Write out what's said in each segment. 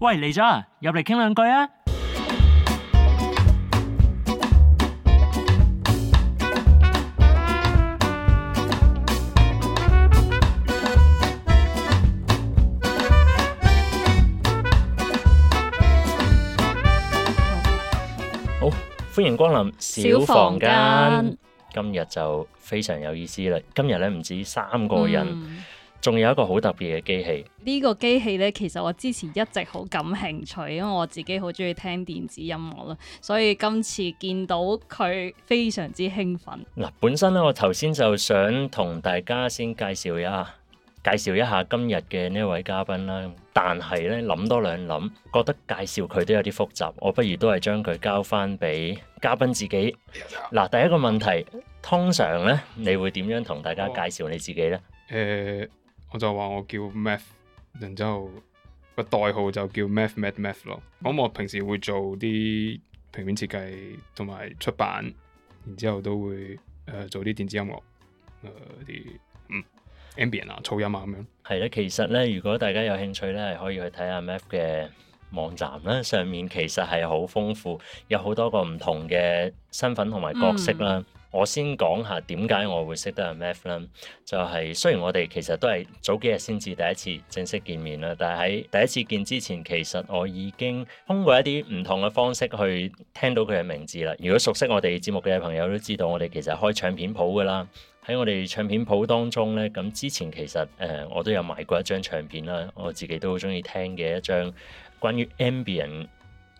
喂，嚟咗，入嚟傾兩句啊！好，歡迎光臨小房間。今日就非常有意思啦！今日咧唔止三個人，嗯。仲有一個好特別嘅機器，呢個機器呢，其實我之前一直好感興趣，因為我自己好中意聽電子音樂啦，所以今次見到佢非常之興奮。嗱，本身呢，我頭先就想同大家先介紹一下，介紹一下今日嘅呢位嘉賓啦。但係呢，諗多兩諗，覺得介紹佢都有啲複雜，我不如都係將佢交翻俾嘉賓自己。嗱 Yeah.，第一個問題，通常呢，你會點樣同大家、oh，介紹你自己呢？誒、uh。我就話我叫 maf，然之後個代號就叫 maf mad maf 咯。咁我平時會做啲平面設計同埋出版，然之後都會誒、呃、做啲電子音樂，啲、呃、嗯 Ambient 啊、噪音啊咁樣。係咧，其實咧，如果大家有興趣咧，係可以去睇下 maf 嘅網站啦。上面其實係好豐富，有好多個唔同嘅身份同埋角色啦。嗯我先講下點解我會識得阿 maf 呢？就係、是、雖然我哋其實都係早幾日先至第一次正式見面啦，但係喺第一次見之前，其實我已經通過一啲唔同嘅方式去聽到佢嘅名字啦。如果熟悉我哋節目嘅朋友都知道，我哋其實開唱片鋪噶啦。喺我哋唱片鋪當中呢，咁之前其實誒、呃、我都有賣過一張唱片啦，我自己都好中意聽嘅一張，關於 Ambient。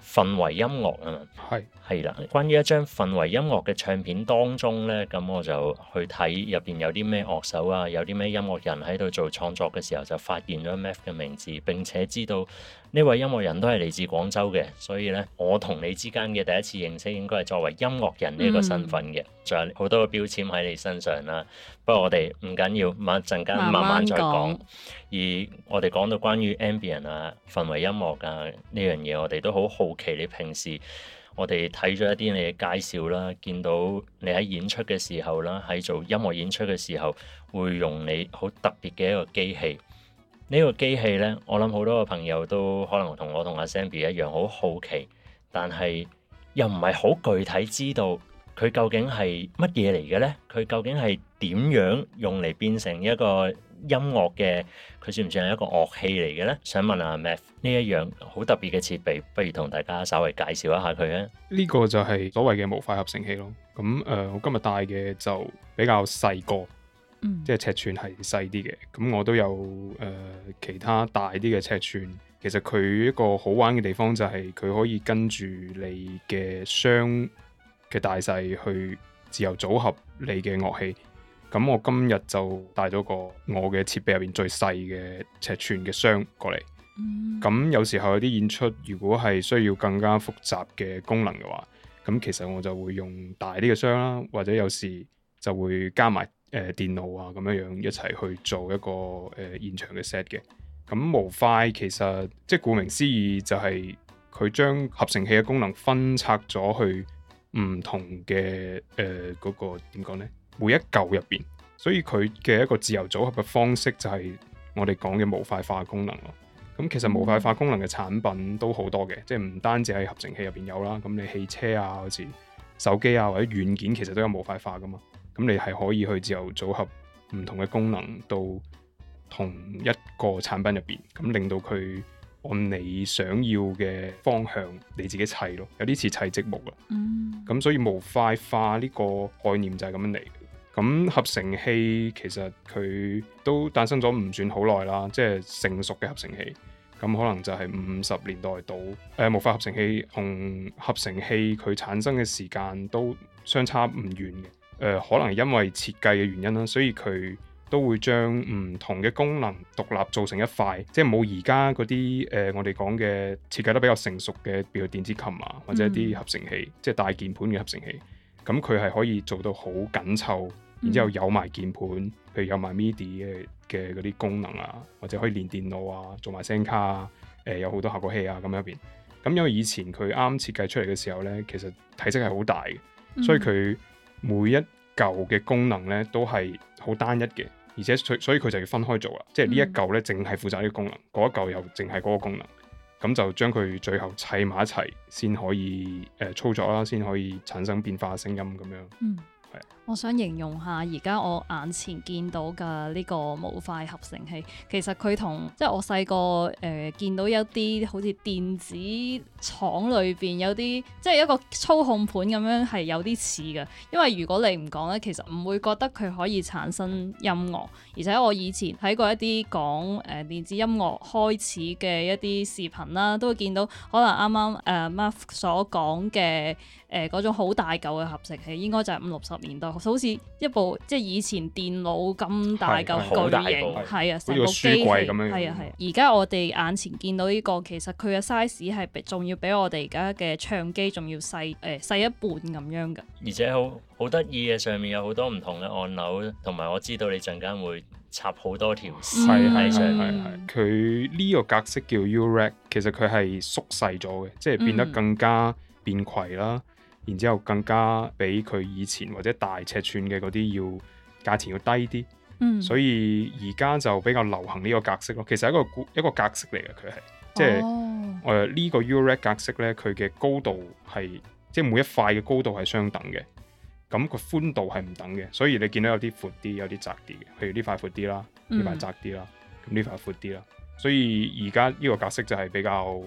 氛圍音樂啊，係係啦。關於一張氛圍音樂嘅唱片當中咧，咁我就去睇入邊有啲咩樂手啊，有啲咩音樂人喺度做創作嘅時候，就發現咗 maf 嘅名字，並且知道，呢位音樂人都係嚟自廣州嘅，所以咧，我同你之間嘅第一次認識應該係作為音樂人呢一個身份嘅，仲、嗯、有好多個標籤喺你身上啦。不過我哋唔緊要緊，慢陣間慢慢再講。慢慢講。而我哋講到關於 Ambient 啊、氛圍音樂啊呢樣嘢，我哋都好好奇你平時，我哋睇咗一啲你嘅介紹啦，見到你喺演出嘅時候啦，喺做音樂演出嘅時候會用你好特別嘅一個機器。呢個機器呢，我諗好多個朋友都可能同我同阿 Zenbi 一樣好好奇，但係又唔係好具體知道佢究竟係乜嘢嚟嘅呢？佢究竟係點樣用嚟變成一個音樂嘅？佢算唔算係一個樂器嚟嘅呢？想問下 maf 呢一樣好特別嘅設備，不如同大家稍微介紹一下佢啊？呢個就係所謂嘅模塊合成器咯。咁誒、呃，我今日帶嘅就比較細個。即係尺寸係細啲嘅，咁我都有誒、呃、其他大啲嘅尺寸。其實佢一個好玩嘅地方就係佢可以跟住你嘅箱嘅大細去自由組合你嘅樂器。咁我今日就帶咗個我嘅設備入邊最細嘅尺寸嘅箱過嚟。咁、嗯、有時候有啲演出如果係需要更加複雜嘅功能嘅話，咁其實我就會用大啲嘅箱啦，或者有時就會加埋。誒、呃、電腦啊，咁樣樣一齊去做一個誒、呃、現場嘅 set 嘅，咁模塊其實即係顧名思義就係佢將合成器嘅功能分拆咗去唔同嘅，誒嗰個點講咧，每一嚿入邊，所以佢嘅一個自由組合嘅方式就係我哋講嘅模塊化功能咯。咁其實模塊化功能嘅產品都好多嘅，嗯、即係唔單止喺合成器入邊有啦，咁你汽車啊，好似手機啊或者軟件其實都有模塊化噶嘛。咁你係可以去自由組合唔同嘅功能到同一個產品入面，咁令到佢按你想要嘅方向你自己砌咯，有啲似砌積木啊。咁、嗯、所以模塊化呢個概念就係咁樣嚟。咁合成器其實佢都誕生咗唔算好耐啦，即、就、係、是、成熟嘅合成器咁，可能就係五十年代到誒、呃，模塊合成器同合成器佢產生嘅時間都相差唔遠嘅。誒、呃、可能因為設計嘅原因啦，所以佢都會將唔同嘅功能獨立做成一塊，即係冇而家嗰啲誒我哋講嘅設計得比較成熟嘅，譬如電子琴啊，或者一啲合成器，嗯、即係大鍵盤嘅合成器。咁佢係可以做到好緊湊，然之後有埋鍵盤，嗯、譬如有埋 MIDI 嘅嘅嗰啲功能啊，或者可以連電腦啊，做埋聲卡啊，誒、呃、有好多效果器啊咁樣一邊，咁因為以前佢啱設計出嚟嘅時候咧，其實體積係好大嘅，嗯、所以佢，每一嚿嘅功能咧都係好單一嘅，而且所所以佢就要分開做啦。即係呢一嚿咧，淨係負責呢個功能；嗰一嚿又淨係嗰個功能。咁就將佢最後砌埋一齊，先可以誒操作啦，先可以產生變化嘅聲音咁樣。嗯。我想形容下而家我眼前見到嘅呢個模塊合成器，其實佢同即係我細個誒見到一啲好似電子廠裏邊有啲，即係一個操控盤咁樣係有啲似嘅。因為如果你唔講咧，其實唔會覺得佢可以產生音樂，而且我以前睇過一啲講誒電子音樂開始嘅一啲視頻啦，都會見到可能啱啱誒 maf 所講嘅誒嗰種好大舊嘅合成器，應該就係五六十。年代，好似一部即係以前電腦咁大嚿巨型，係啊，呢個書櫃咁樣。係啊係。而家我哋眼前見到呢、這個，其實佢嘅 size 係仲要比我哋而家嘅唱機仲要細誒細一半咁樣㗎。而且好好得意嘅，上面有好多唔同嘅按鈕，同埋我知道你陣間會,會插好多條線。係係係。佢呢、嗯、個格式叫 U-Rack，其實佢係縮細咗嘅，即係變得更加便攜啦。嗯然之後更加比佢以前或者大尺寸嘅嗰啲要價錢要低啲，嗯，所以而家就比較流行呢個格式咯。其實係一個一個格式嚟嘅佢係，即係誒呢個 Eurorack 格式呢，佢嘅高度係即係每一塊嘅高度係相等嘅，咁個寬度係唔等嘅。所以你見到有啲闊啲，有啲窄啲嘅，譬如呢塊闊啲啦，呢塊、嗯、窄啲啦，咁呢塊闊啲啦。所以而家呢個格式就係比較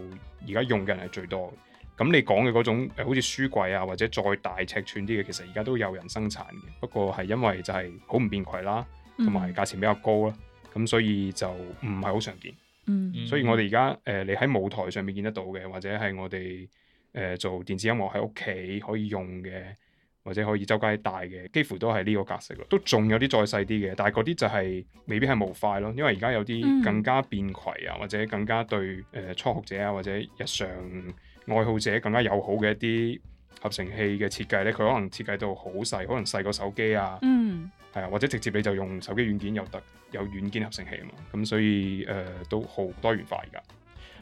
而家用嘅人係最多。咁你講嘅嗰種、呃、好似書櫃啊，或者再大尺寸啲嘅，其實而家都有人生產嘅。不過係因為就係好唔便攜啦，同埋價錢比較高啦，咁、mm hmm。所以就唔係好常見。嗯、mm hmm。所以我哋而家誒，你喺舞台上面見得到嘅，或者係我哋誒、呃、做電子音樂喺屋企可以用嘅，或者可以周街帶嘅，幾乎都係呢個格式咯。都仲有啲再細啲嘅，但係嗰啲就係未必係模塊咯。因為而家有啲更加便攜啊，或者更加對誒、呃、初學者啊，或者日常。愛好者更加友好嘅一啲合成器嘅設計呢，佢可能設計到好細，可能細個手機啊，係、嗯、啊，或者直接你就用手機軟件又得，有軟件合成器啊嘛，咁所以誒、呃、都好多元化㗎。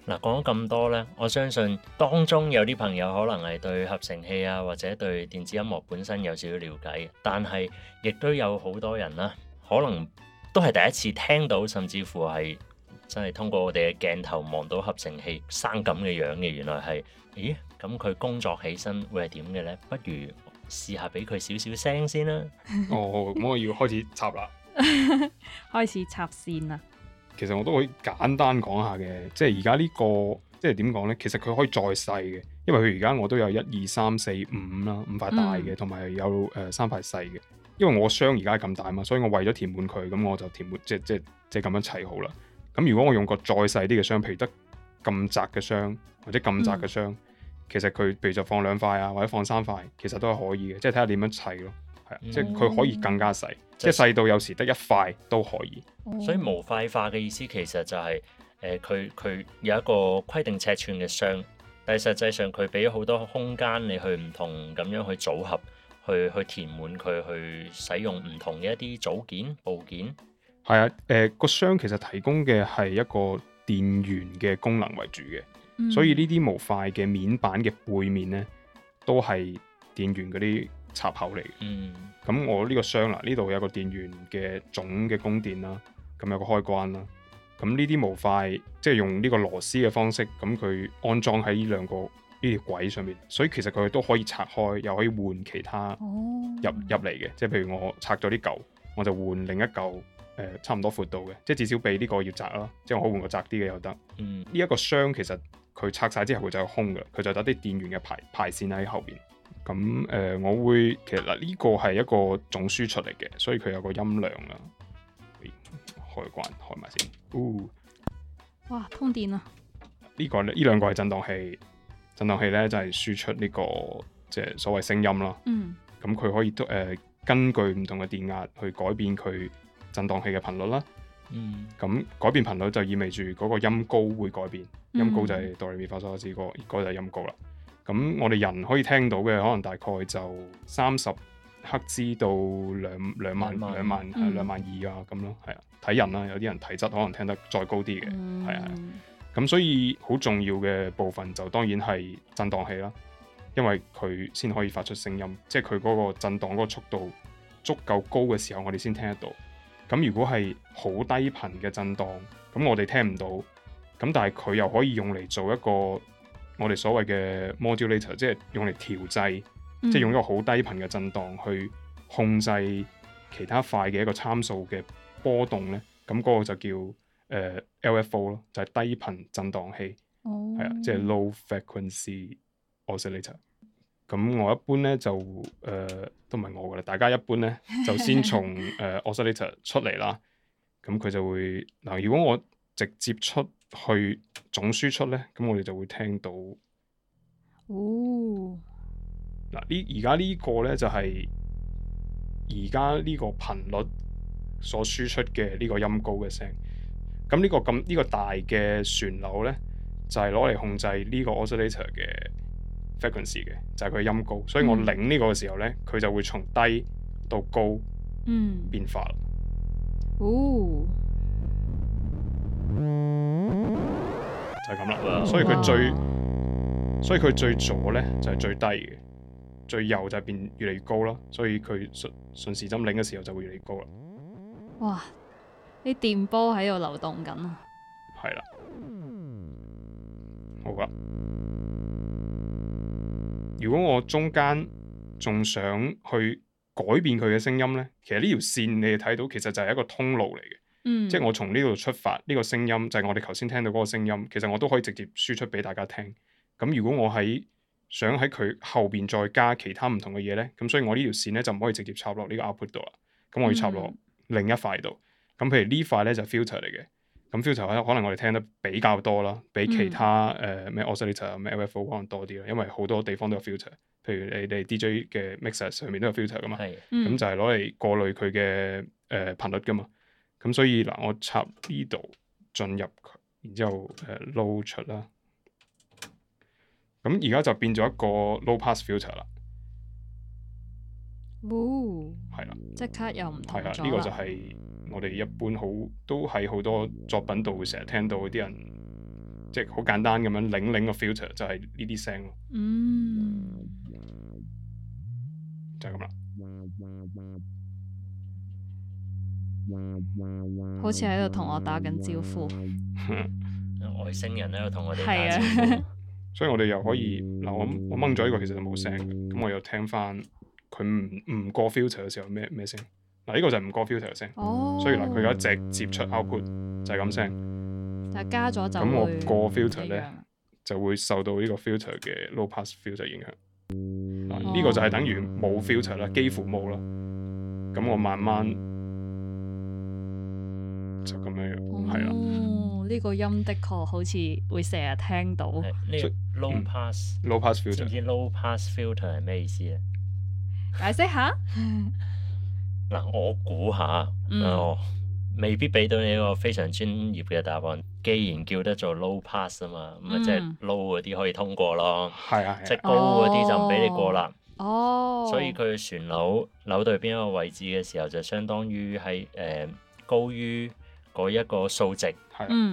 嗱講咁多呢，我相信當中有啲朋友可能係對合成器啊，或者對電子音樂本身有少少了解，但係亦都有好多人啦、啊，可能都係第一次聽到，甚至乎係。真係通過我哋嘅鏡頭望到合成器生咁嘅樣嘅，原來係，咦？咁佢工作起身會係點嘅咧？不如試下俾佢少少聲先啦。 哦，咁我要開始插啦， 開始插先啦。其實我都可以簡單講下嘅，即係而家呢個，即係點講咧？其實佢可以再細嘅，因為佢而家我都有一二三四五啦，五塊大嘅，同埋有誒三塊細嘅。因為我箱而家咁大嘛，所以我為咗填滿佢，咁我就填滿，即係即係即係咁樣砌好啦。咁如果我用個再細啲嘅箱，譬如得咁窄嘅箱或者咁窄嘅箱，嗯、其實佢譬如就放兩塊啊，或者放三塊，其實都係可以嘅，即係睇下點樣砌咯，係啊、嗯，即係佢可以更加細，就是、即係細到有時得一塊都可以。嗯、所以模塊化嘅意思其實就係、是，誒、呃，佢佢有一個規定尺寸嘅箱，但係實際上佢俾咗好多空間你去唔同咁樣去組合，去去填滿佢去使用唔同嘅一啲組件部件。係啊，誒、呃、個箱其實提供嘅係一個電源嘅功能為主嘅，嗯、所以呢啲模塊嘅面板嘅背面呢，都係電源嗰啲插口嚟嘅。咁、嗯、我呢個箱啦，呢度有個電源嘅總嘅供電啦，咁有個開關啦。咁呢啲模塊，即係用呢個螺絲嘅方式，咁佢安裝喺呢兩個呢條軌上面，所以其實佢都可以拆開，又可以換其他入、哦、入嚟嘅。即係譬如我拆咗啲舊，我就換另一嚿。誒差唔多闊度嘅，即係至少比呢個要窄啦，即係我可換個窄啲嘅又得。呢一、嗯、個箱其實佢拆晒之後佢就會空嘅，佢就得啲電源嘅排排線喺後邊。咁誒、呃，我會其實嗱呢、呃這個係一個總輸出嚟嘅，所以佢有個音量啦、哎。開關開埋先。哦，哇，通電啊！呢、這個呢，呢兩個係振盪器，振盪器咧就係、是、輸出呢、這個即係、就是、所謂聲音啦。嗯。咁佢可以都誒、呃、根據唔同嘅電壓去改變佢。振盪器嘅頻率啦，咁、嗯、改變頻率就意味住嗰個音高會改變。嗯、音高就係哆唻咪發嗦，嗰個嗰個就係音高啦。咁我哋人可以聽到嘅，可能大概就三十赫茲到兩兩萬兩萬兩萬二、嗯、啊，咁咯係啊。睇人啦，有啲人體質可能聽得再高啲嘅係啊。咁所以好重要嘅部分就當然係振盪器啦，因為佢先可以發出聲音，即係佢嗰個振盪嗰個速度足夠高嘅時候，我哋先聽得到。咁如果係好低頻嘅震盪，咁我哋聽唔到，咁但係佢又可以用嚟做一個我哋所謂嘅 modulator，即係用嚟調製，嗯、即係用一個好低頻嘅震盪去控制其他塊嘅一個參數嘅波動呢，咁嗰個就叫誒 LFO 咯，呃、FO，就係低頻震盪器，係啊、哦，即係 low frequency oscillator。咁我一般咧就，誒、呃、都唔係我嘅啦。大家一般咧就先從誒、 呃、oscillator 出嚟啦。咁佢就會嗱，如果我直接出去總輸出咧，咁我哋就會聽到。哦，嗱呢而家呢個咧就係而家呢個頻率所輸出嘅呢個音高嘅聲。咁呢、呢個咁呢、呢個大嘅旋鈕咧，就係攞嚟控制呢個 oscillator 嘅。f 嘅就係佢嘅音高，所以我擰呢個嘅時候咧，佢就會從低到高變化，嗯。哦，就係咁啦。變化。所以佢最，所以佢最左咧就係最低嘅，最右就係變越嚟越高啦。所以佢順順時針擰嘅時候就會越嚟越高啦。哇，啲電波喺度流動緊啊！係啦，好啦。如果我中間仲想去改變佢嘅聲音咧，其實呢條線你哋睇到其實就係一個通路嚟嘅，嗯、即係我從呢度出發呢、呢個聲音，就係我哋頭先聽到嗰個聲音。其實我都可以直接輸出俾大家聽。咁如果我喺想喺佢後邊再加其他唔同嘅嘢咧，咁所以我呢條線咧就唔可以直接插落呢個 output 度啦。咁我要插落另一塊度。咁、嗯、譬如塊呢塊咧就係、filter 嚟嘅。咁 filter 可能我哋聽得比較多啦，比其他誒咩、嗯呃、oscillator、咩 LFO 可能多啲啦，因為好多地方都有 filter，譬如你哋 DJ 嘅 mixer 上面都有 filter 噶嘛，咁、嗯、就係攞嚟過濾佢嘅誒頻率噶嘛，咁所以嗱、呃、我插呢度進入佢，然之後誒撈、呃、出啦，咁而家就變咗一個 low pass filter、哦、啦，哦，係啦，即刻又唔同咗啦。我哋一般好都喺好多作品度會成日聽到啲人，即係好簡單咁樣擰擰個 filter 就係呢啲聲咯。嗯，就咁啦。好似喺度同我打緊招呼。外星人喺度同我哋打招呼。所以我哋又可以嗱，我我掹咗呢個其實就冇聲。咁我又聽翻佢唔唔過 filter 嘅時候咩咩聲？嗱，呢個就係唔過 filter 嘅聲，哦、所以嗱，佢而家直接出 output 就係咁聲，但係加咗就咁我過 filter 咧、嗯、就會受到呢個 filter 嘅 low pass filter 影響，呢、哦、個就係等於冇 filter 啦，幾乎冇啦，咁我慢慢就咁樣樣，係啦。呢個音的確好似會成日聽到 low pass、嗯、low pass filter，唔知 low pass filter 係咩意思啊？解釋下。 我估下，哦、嗯呃，未必俾到你一個非常專業嘅答案。既然叫得做 low pass 啊嘛，咁啊即係 low 嗰啲可以通過咯，啊啊、即係高嗰啲就唔俾你過啦、哦。哦，所以佢旋鈕扭到邊一個位置嘅時候，就相當於係誒高於嗰一個數值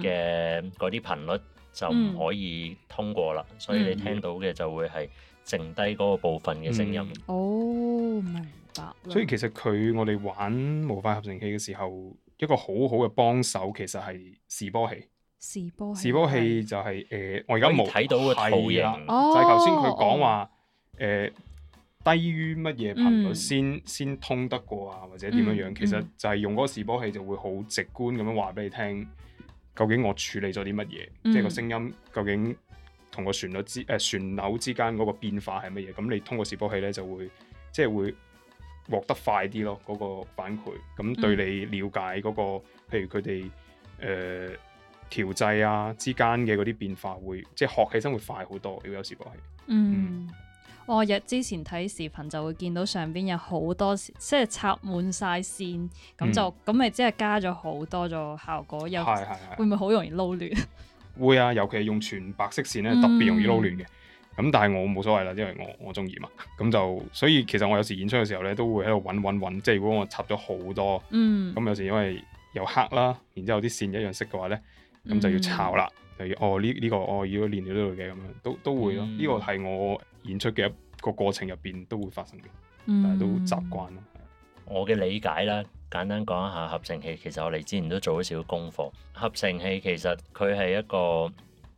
嘅嗰啲頻率，就唔可以通過啦，嗯、所以你聽到嘅就會係剩低嗰個部分嘅聲音、嗯。哦，明白。所以其實佢我哋玩模塊合成器嘅時候，一個好好嘅幫手其實係示波器。示波器，示波器就係、是、誒、呃，我而家冇睇到嘅圖形，啊哦、就係頭先佢講話誒、哦呃，低於乜嘢頻率先、嗯、先通得過啊，或者點樣樣，嗯、其實就係用嗰個示波器就會好直觀咁樣話俾你聽。究竟我處理咗啲乜嘢？嗯、即係個聲音究竟同個旋律之誒旋鈕之間嗰個變化係乜嘢？咁你通過示波器呢，就會即係會獲得快啲咯，嗰、那個反饋。咁對你了解嗰、那個，嗯、譬如佢哋誒調製啊之間嘅嗰啲變化會，會即係學起身會快好多。如果有示波器。嗯。嗯。我日之前睇視頻就會見到上邊有好多，即係插滿晒線，咁、嗯、就咁咪即係加咗好多咗效果，有又會唔會好容易撈亂？會啊，尤其係用全白色線咧，特別容易撈亂嘅。咁、嗯、但係我冇所謂啦，因為我我中意嘛。咁就所以其實我有時演出嘅時候咧，都會喺度揾揾揾。即係如果我插咗好多，咁、嗯、有時因為又黑啦，然之後啲線一樣色嘅話咧，咁就要炒啦。例如、嗯、哦呢呢、呢個哦要連咗呢度嘅，咁樣都都，都會咯。呢個係我。演出嘅一個過程入邊都會發生嘅，但係都習慣咯、嗯。我嘅理解啦，簡單講一下合成器。其實我哋之前都做咗少少功課。合成器其實佢係一個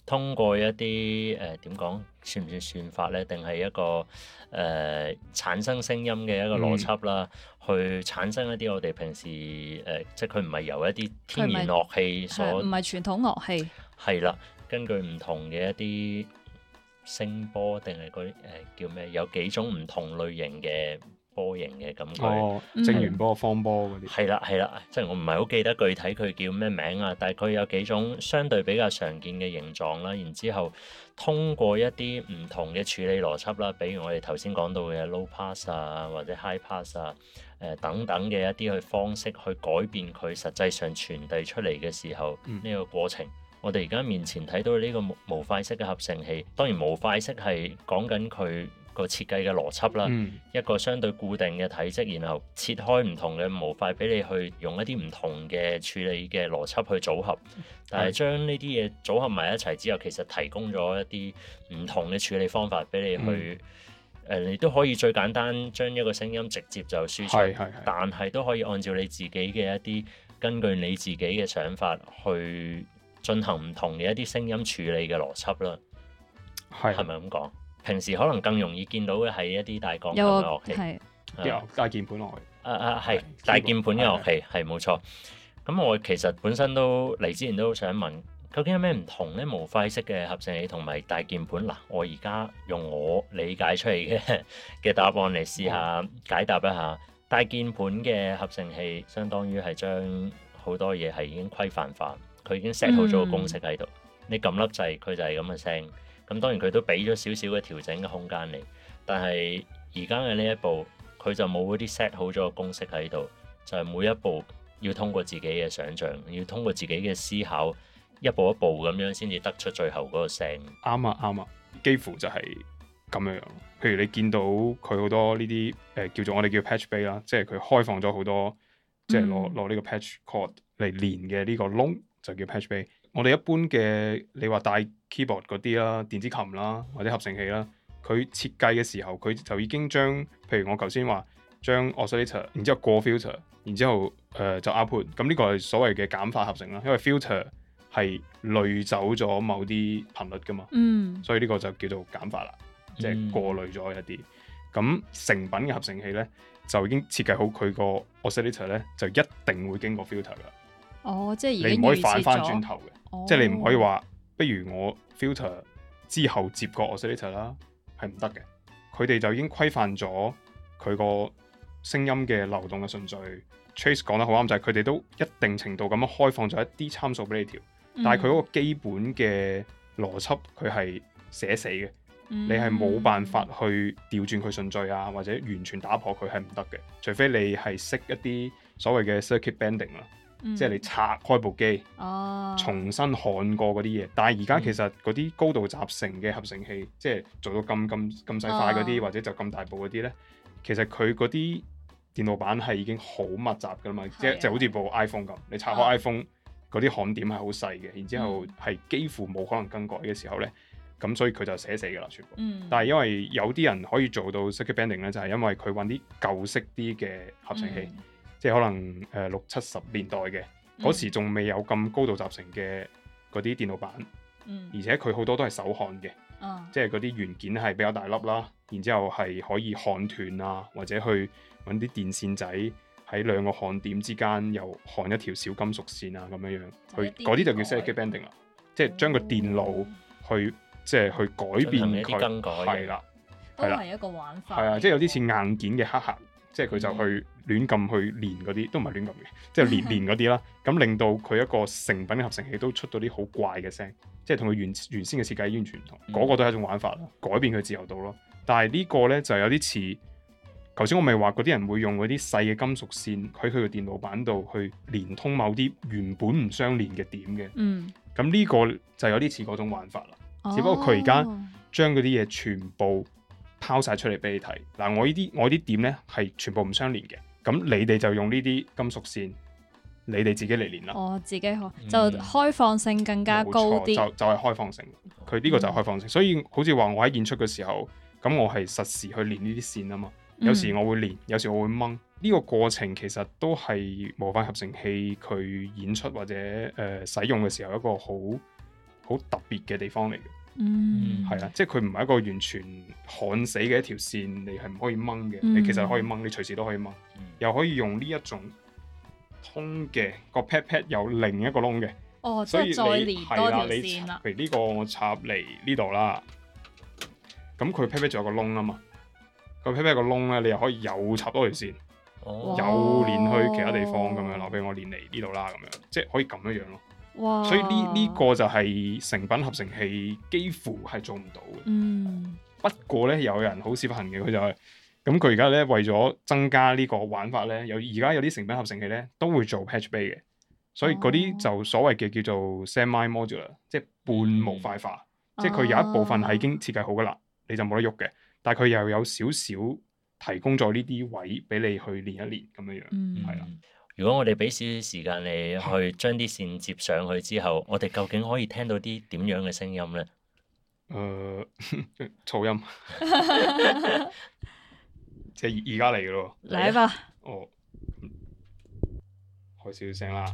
通過一啲誒點講算唔算算法咧，定係一個誒、呃、產生聲音嘅一個邏輯啦，嗯、去產生一啲我哋平時誒、呃，即係佢唔係由一啲天然樂器所唔係傳統樂器。係啦，根據唔同嘅一啲，聲波定係啲誒叫咩？有幾種唔同類型嘅波形嘅感覺、哦、正弦波、嗯、方波嗰啲。係啦係啦，即係我唔係好記得具體佢叫咩名啊，但係佢有幾種相對比較常見嘅形狀啦。然之後通過一啲唔同嘅處理邏輯啦，比如我哋頭先講到嘅 low pass 啊，或者 high pass 啊，誒、呃、等等嘅一啲去方式去改變佢實際上傳遞出嚟嘅時候呢、嗯、個過程。我哋而家面前睇到呢個模塊式嘅合成器，當然模塊式係講緊佢個設計嘅邏輯啦。嗯、一個相對固定嘅體積，然後切開唔同嘅模塊俾你去用一啲唔同嘅處理嘅邏輯去組合。但係將呢啲嘢組合埋一齊之後，其實提供咗一啲唔同嘅處理方法俾你去。誒、嗯呃，你都可以最簡單將一個聲音直接就輸出，但係都可以按照你自己嘅一啲根據你自己嘅想法去。進行唔同嘅一啲聲音處理嘅邏輯啦，係係咪咁講？平時可能更容易見到嘅係一啲大鋼琴嘅樂器，係、uh, 大鍵盤樂啊啊，係、uh, uh, 是大鍵盤嘅樂器係冇的錯。咁我其實本身都嚟之前都想問，究竟有咩唔同咧？模塊式嘅合成器同埋大鍵盤嗱、啊，我而家用我理解出嚟嘅嘅答案嚟試下解答一下。嗯、大鍵盤嘅合成器相當於係將好多嘢係已經規範化。佢已經 set 好咗個公式喺度，你撳粒掣佢就係咁嘅聲。咁當然佢都俾咗少少嘅調整嘅空間你，但係而家嘅呢一步佢就冇嗰啲 set 好咗個公式喺度，就係、是、每一步要通過自己嘅想像，要通過自己嘅思考，一步一步咁樣先至得出最後嗰個聲。啱啊啱啊，幾乎就係咁樣樣。譬如你見到佢好多呢啲誒叫做我哋叫 patch bay 啦，即係佢開放咗好多，即係攞攞呢個 patch cord 嚟連嘅呢個窿。就叫 patch bay。我哋一般嘅，你話帶 keyboard 嗰啲啦，電子琴啦，或者合成器啦，佢設計嘅時候，佢就已經將，譬如我頭先話將 oscillator，然之後過 filter，然之後誒、呃、就 output 咁呢個係所謂嘅減法合成啦，因為 filter 係濾走咗某啲頻率噶嘛，嗯、所以呢個就叫做減法啦，即、就、係、是、過濾咗一啲。咁、嗯、成品嘅合成器咧，就已經設計好佢個 oscillator 咧，就一定會經過 filter 噶。哦，oh，即係你唔，oh。可以反翻轉頭嘅，即係你唔可以話，不如我 filter 之後接個 oscillator 啦，係唔得嘅。佢哋就已經規範咗佢個聲音嘅流動嘅順序。Trace 講得好啱，就係佢哋都一定程度咁樣開放咗一啲參數俾你調，嗯、但係佢嗰個基本嘅邏輯佢係寫死嘅，嗯、你係冇辦法去調轉佢順序啊，或者完全打破佢係唔得嘅，除非你係識一啲所謂嘅 circuit bending 啦。嗯、即係你拆開部機，啊、重新焊過嗰啲嘢。但係而家其實嗰啲高度集成嘅合成器，嗯、即係做到咁咁咁細塊嗰啲，啊、或者就咁大部嗰啲呢，其實佢嗰啲電腦板係已經好密集㗎啦嘛，即係好似部 iPhone 咁。你拆開 iPhone 嗰啲焊、啊、點係好細嘅，然之後係幾乎冇可能更改嘅時候呢。咁、嗯、所以佢就寫死㗎啦，全部。嗯、但係因為有啲人可以做到 circuit bending 呢，就係因為佢揾啲舊式啲嘅合成器。嗯嗯即係可能誒六七十年代嘅嗰、嗯、時仲未有咁高度集成嘅嗰啲電腦板，嗯、而且佢好多都係手焊嘅，啊、即係嗰啲元件係比較大粒啦，然之後係可以焊斷啊，或者去揾啲電線仔喺兩個焊點之間又焊一條小金屬線啊，咁樣樣，去嗰啲就叫 circuit bending 啦，即係將個電路去、嗯、即係去改變佢，係啦，都係一個玩法，係啊，即、就、係、是、有啲似硬件嘅黑客。即係佢就去亂撳去連嗰啲，都唔係亂撳嘅，即係連連嗰啲啦。咁 令到佢一個成品嘅合成器都出到啲好怪嘅聲，即係同佢原原先嘅設計完全唔同。嗰、嗯、個都係一種玩法啦，改變佢自由度咯。但係呢個咧就有啲似頭先我咪話嗰啲人會用嗰啲細嘅金屬線喺佢嘅電腦板度去連通某啲原本唔相連嘅點嘅。嗯，咁呢個就有啲似嗰種玩法啦。哦、只不過佢而家將嗰啲嘢全部。拋晒出嚟俾你睇嗱，我呢啲我呢啲點呢係全部唔相連嘅，咁你哋就用呢啲金屬線，你哋自己嚟連啦。我自己開就開放性更加高啲、嗯，就就係、是、開放性。佢呢個就係開放性，嗯、所以好似話我喺演出嘅時候，咁我係實時去連呢啲線啊嘛。有時我會連，有時我會掹。呢、嗯、個過程其實都係模塊合成器佢演出或者誒、呃、使用嘅時候一個好好特別嘅地方嚟嘅。嗯，係啦，即係佢唔係一個完全焊死嘅一條線，你係唔可以掹嘅。嗯、你其實可以掹，你隨時都可以掹，嗯、又可以用呢一種通嘅個 pat pat 有另一個窿嘅。哦，所以你，即係再連多條線啦。你，譬如呢個我插嚟呢度啦，咁佢 pat pat 仲有個窿啊嘛，個 pat pat 個窿咧，你又可以又插多條線，又、哦、連去其他地方咁樣啦。俾我連嚟呢度啦，咁樣即係可以咁樣樣咯。哇所以呢呢、呢個就係成品合成器幾乎係做唔到嘅。嗯、不過咧，有人好試行嘅，佢就係、係、咁。佢而家咧，為咗增加呢個玩法咧，有而家有啲成品合成器咧都會做 patch bay 嘅。所以嗰啲就所謂嘅叫做 semi modular，即係、嗯、半模塊化，嗯、即係佢有一部分係已經設計好噶啦，啊、你就冇得喐嘅。但係佢又有少少提供咗呢啲位俾你去練一練咁樣樣，係啦、嗯。嗯如果我哋畀少少時間你去將啲線接上去之後，啊、我哋究竟可以聽到啲點樣嘅聲音呢？誒、呃，噪音，即係而家嚟嘅咯。嚟吧。哦，開少少聲啦。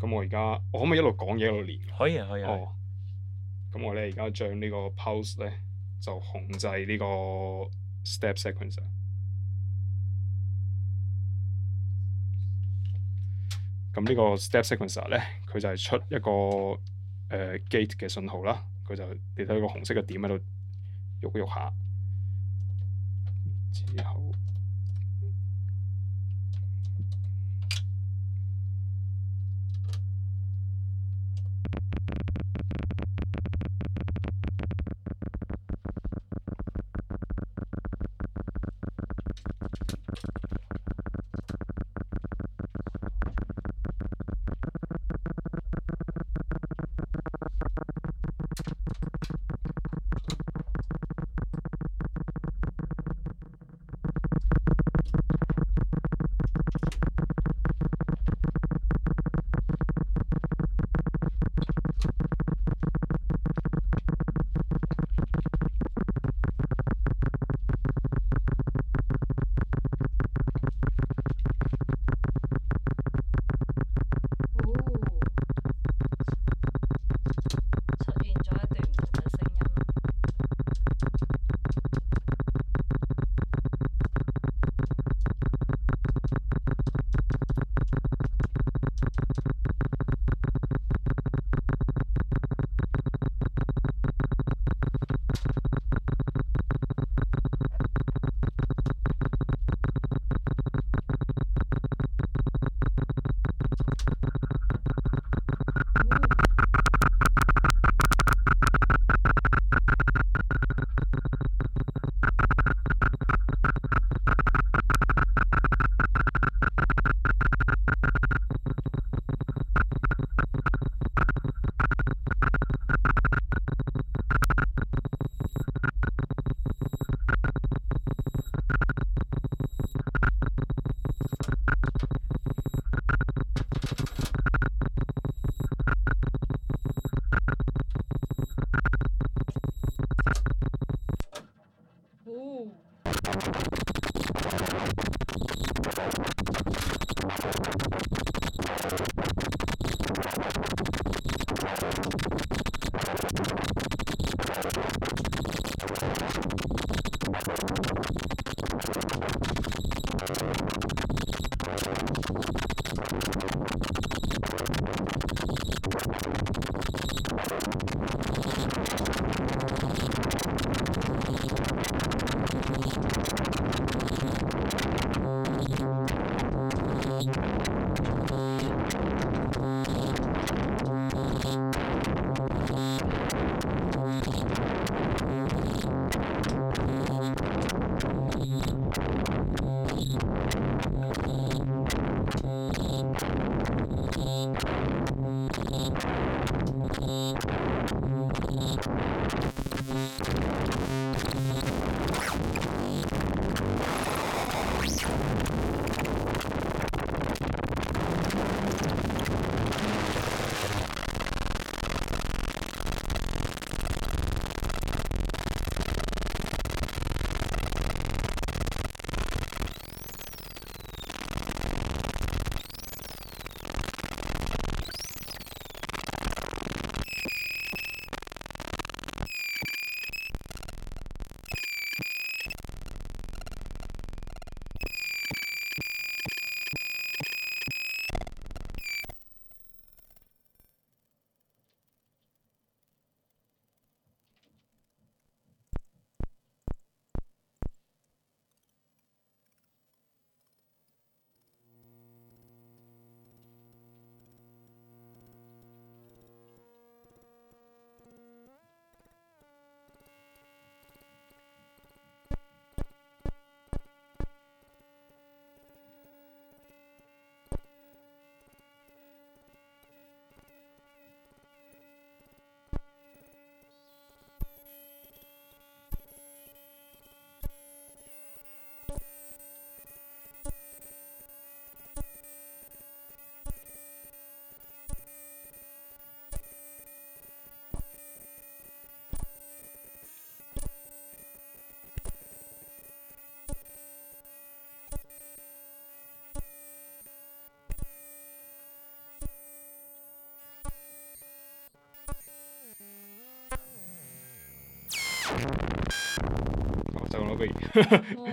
咁我而家我可唔可以一路講嘢一路連？可以啊，可以啊。哦，咁我咧而家將呢個 pose 咧就控制呢、呢個。Step sequencer。咁呢個 step sequencer 咧，佢就係出一個誒、呃、gate 嘅信號啦。佢就你睇個紅色嘅點喺度喐下喐下。之後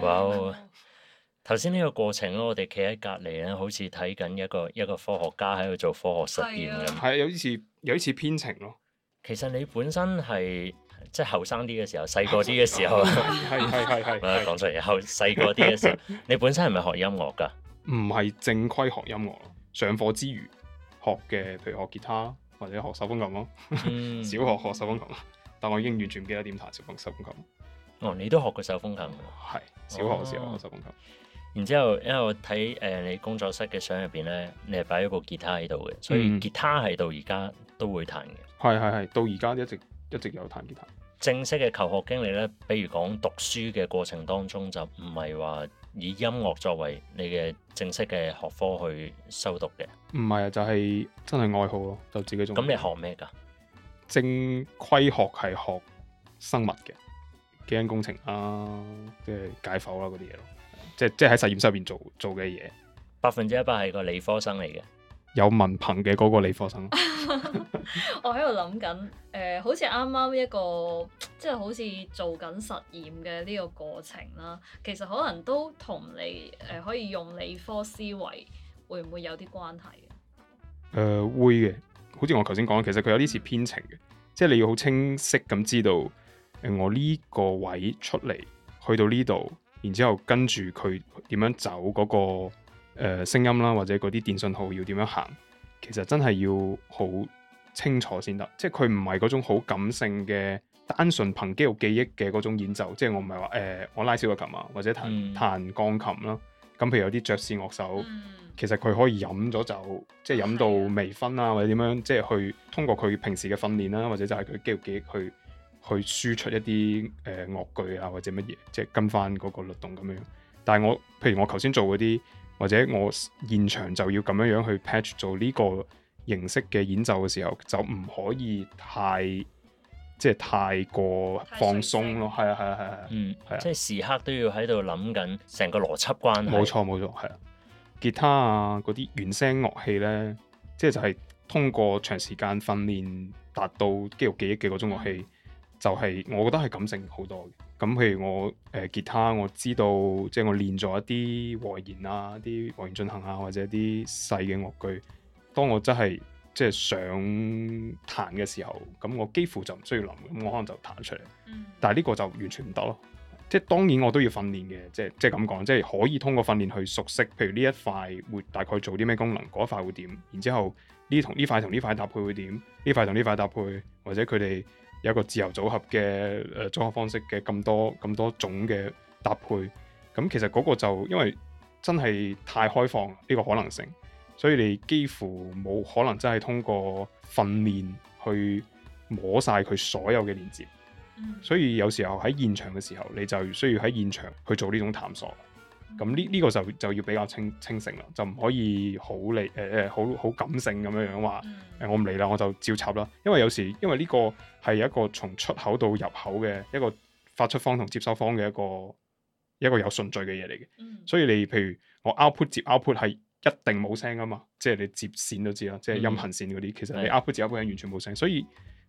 哇，頭先呢個過程咯，我哋企喺隔籬咧，好似睇緊一個一個科學家喺度做科學實驗咁。係啊的，有啲似有啲似編程咯。其實你本身係即係後生啲嘅時候，細個啲嘅時候，係係係係，講出嚟，後細個啲嘅時候，你本身係咪學音樂噶？唔係正規學音樂咯，上課之餘學嘅，譬如學吉他或者學手風琴咯。嗯、 小學學手風琴，但我已經完全唔記得點彈手風手風琴。哦，oh, 你都學過手風琴㗎？係小學時候學手風琴。Oh. 然之後，因為我睇誒、呃、你工作室嘅相入邊咧，你係擺咗部吉他喺度嘅，嗯、所以吉他係到而家都會彈嘅。係係係，到而家一直一直有彈吉他。正式嘅求學經歷咧，比如講讀書嘅過程當中，就唔係話以音樂作為你嘅正式嘅學科去修讀嘅。唔係啊，就係、是、真係愛好咯，就自己中意。咁你學咩噶？正規學係學生物嘅。基因工程啊，即係解剖啦、啊，嗰啲嘢咯，即係即係喺實驗室入邊做做嘅嘢。百分之一百係個理科生嚟嘅，有文憑嘅嗰個理科生。 我喺度諗緊，誒、呃，好似啱啱一個即係好似做緊實驗嘅呢個過程啦，其實可能都同你誒、呃、可以用理科思維會唔會有啲關係？誒、呃，會嘅，好似我頭先講，其實佢有啲似編程嘅，嗯、即係你要好清晰咁知道。我呢個位出嚟，去到呢度，然之後跟住佢點樣走嗰、嗰個誒聲、呃、音啦，或者嗰啲電信號要點樣行，其實真係要好清楚先得。即係佢唔係嗰種好感性嘅，單純憑肌肉記憶嘅嗰種演奏。即係我唔係話誒我拉小提琴啊，或者彈彈鋼琴啦。咁譬如有啲爵士樂手，嗯、其實佢可以飲咗酒，即係飲到微醺啊，嗯、啊，或者點樣，即係去通過佢平時嘅訓練啦，或者就係佢肌肉記憶去。去輸出一啲誒、呃、樂句啊，或者乜嘢，即係跟翻嗰個律動咁樣。但係我譬如我頭先做嗰啲，或者我現場就要咁樣樣去 patch 做呢個形式嘅演奏嘅時候，就唔可以太即係太過放鬆咯。係啊，係啊，係啊。啊嗯，係啊，即係時刻都要喺度諗緊成個邏輯關係。冇錯，冇錯，係啊。吉他啊，嗰啲原聲樂器咧，即係就係通過長時間訓練達到肌肉記憶嘅嗰種樂器。嗯就係我覺得係感性好多嘅咁。譬如我誒、呃、吉他，我知道即係、就是、我練咗一啲和弦啊、啲和弦進行啊，或者一啲細嘅樂句。當我真係即係想彈嘅時候，咁我幾乎就唔需要諗，咁我可能就彈出嚟。嗯、但係呢個就完全唔得咯。即係當然我都要訓練嘅，即係即係咁講，即係可以通過訓練去熟悉。譬如呢一塊會大概做啲咩功能，嗰一塊會點，然之後呢同呢塊同呢塊搭配會點，呢塊同呢塊搭配，或者佢哋。一個自由組合嘅誒、呃、組合方式嘅，咁多咁多種嘅搭配，咁其實嗰個就因為真係太開放呢、這個可能性，所以你幾乎冇可能真係通過訓練去摸晒佢所有嘅連接，嗯、所以有時候喺現場嘅時候，你就需要喺現場去做呢種探索。咁呢呢個就就要比較清清醒啦，就唔可以好理誒誒好好感性咁樣樣話誒我唔理啦，我就照插啦。因為有時因為呢個係一個從出口到入口嘅一個發出方同接收方嘅一個一個有順序嘅嘢嚟嘅，嗯、所以你譬如我 output 接 output 係一定冇聲噶嘛，即係你接線都知啦，即係音頻線嗰啲，嗯、其實你 output 接 output 係完全冇聲，所以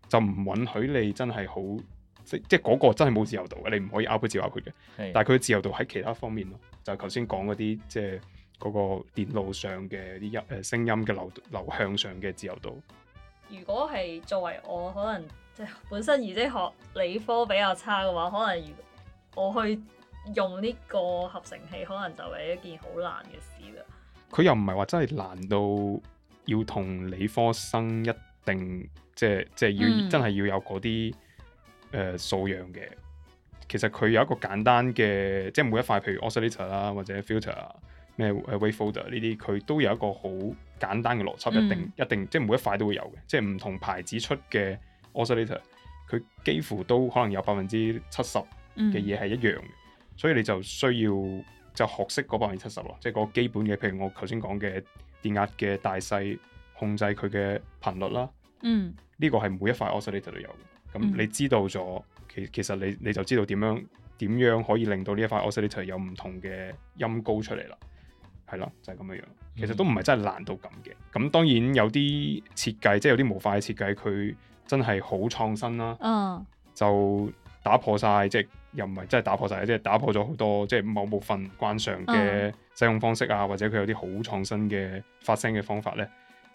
就唔允許你真係好。即即嗰個真係冇自由度嘅，你唔可以拗波折拗佢嘅。的但係佢自由度喺其他方面咯，就係頭先講嗰啲即係嗰個電路上嘅啲音誒聲音嘅流流向上嘅自由度。如果係作為我可能即係本身而家學理科比較差嘅話，可能我去用呢個合成器，可能就係一件好難嘅事啦。佢又唔係話真係難到要同理科生一定即係即係要、嗯、真係要有嗰啲。誒數樣嘅，其實佢有一個簡單嘅，即係每一塊，譬如 oscillator 啦，或者 filter，啊，咩誒 wavefolder 呢啲，佢都有一個好簡單嘅邏輯，嗯、一定一定，即係每一塊都會有嘅，即係唔同牌子出嘅 oscillator，佢幾乎都可能有百分之七十嘅嘢係一樣嘅，嗯、所以你就需要就學識嗰百分之七十咯，即係嗰基本嘅，譬如我頭先講嘅電壓嘅大細，控制佢嘅頻率啦，嗯，呢個係每一塊 oscillator 都有。咁你知道咗，其其實你你就知道點樣點樣可以令到呢一塊 oscillator 有唔同嘅音高出嚟啦，係咯，就係咁樣樣。其實都唔係真係難到咁嘅。咁當然有啲設計，即係有啲模塊嘅設計，佢真係好創新啦。就打破晒，即係又唔係真係打破晒，即係打破咗好多即係某部分慣常嘅使用方式啊，或者佢有啲好創新嘅發聲嘅方法呢。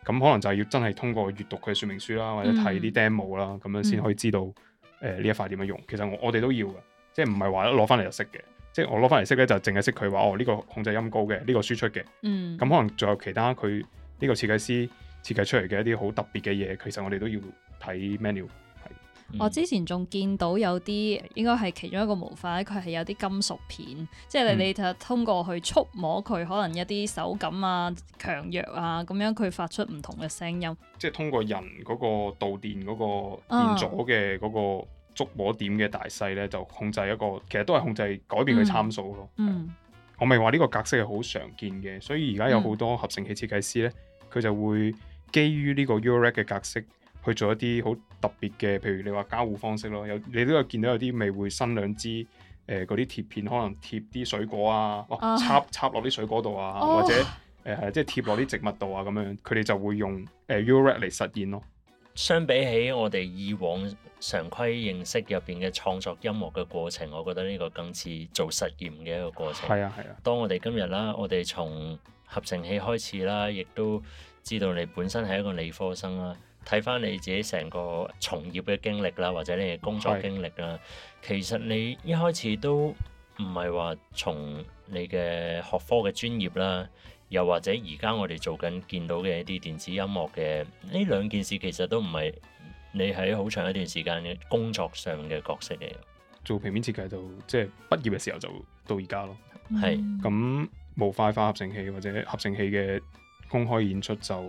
咁可能就係要真係通過閱讀佢嘅說明書啦，或者睇啲 demo 啦，咁、嗯、樣先可以知道誒呢、嗯呃、一塊點樣用。其實我我哋都要嘅，即係唔係話攞翻嚟就識嘅，即係我攞翻嚟識咧就淨係識佢話哦呢個控制音高嘅，呢個輸出嘅。嗯，咁可能仲有其他佢呢個設計師設計出嚟嘅一啲好特別嘅嘢，其實我哋都要睇 manual。我之前仲見到有啲，應該係其中一個模塊，佢係有啲金屬片，即係你、嗯、通過去觸摸佢，可能一啲手感啊、強弱啊咁樣，佢發出唔同嘅聲音。即係通過人嗰個導電嗰個電阻嘅嗰個觸摸點嘅大細呢，啊、就控制一個，其實都係控制改變佢參數咯。我咪話呢個格式係好常見嘅，所以而家有好多合成器設計師呢，佢、嗯、就會基於呢個、Eurorack 嘅格式。去做一啲好特別嘅，譬如你話交互方式咯，有你都有見到有啲未會新兩支誒嗰啲鐵片，可能貼啲水果啊，哦、插插落啲水果度啊，哦、或者誒係、呃、即係貼落啲植物度啊，咁樣佢哋就會用誒、呃、u r a t h 嚟實現咯。相比起我哋以往常規認識入邊嘅創作音樂嘅過程，我覺得呢個更似做實驗嘅一個過程。係啊，係啊。當我哋今日啦，我哋從合成器開始啦，亦都知道你本身係一個理科生啦，睇翻你自己成個從業嘅經歷啦，或者你嘅工作經歷啦。是其實你一開始都唔係話從你嘅學科嘅專業啦，又或者而家我哋做緊見到嘅一啲電子音樂嘅呢兩件事，其實都唔係你喺好長一段時間嘅工作上嘅角色嚟。做平面設計就即係畢業嘅時候就到而家咯。係咁是、嗯，模塊化合成器或者合成器嘅公開演出就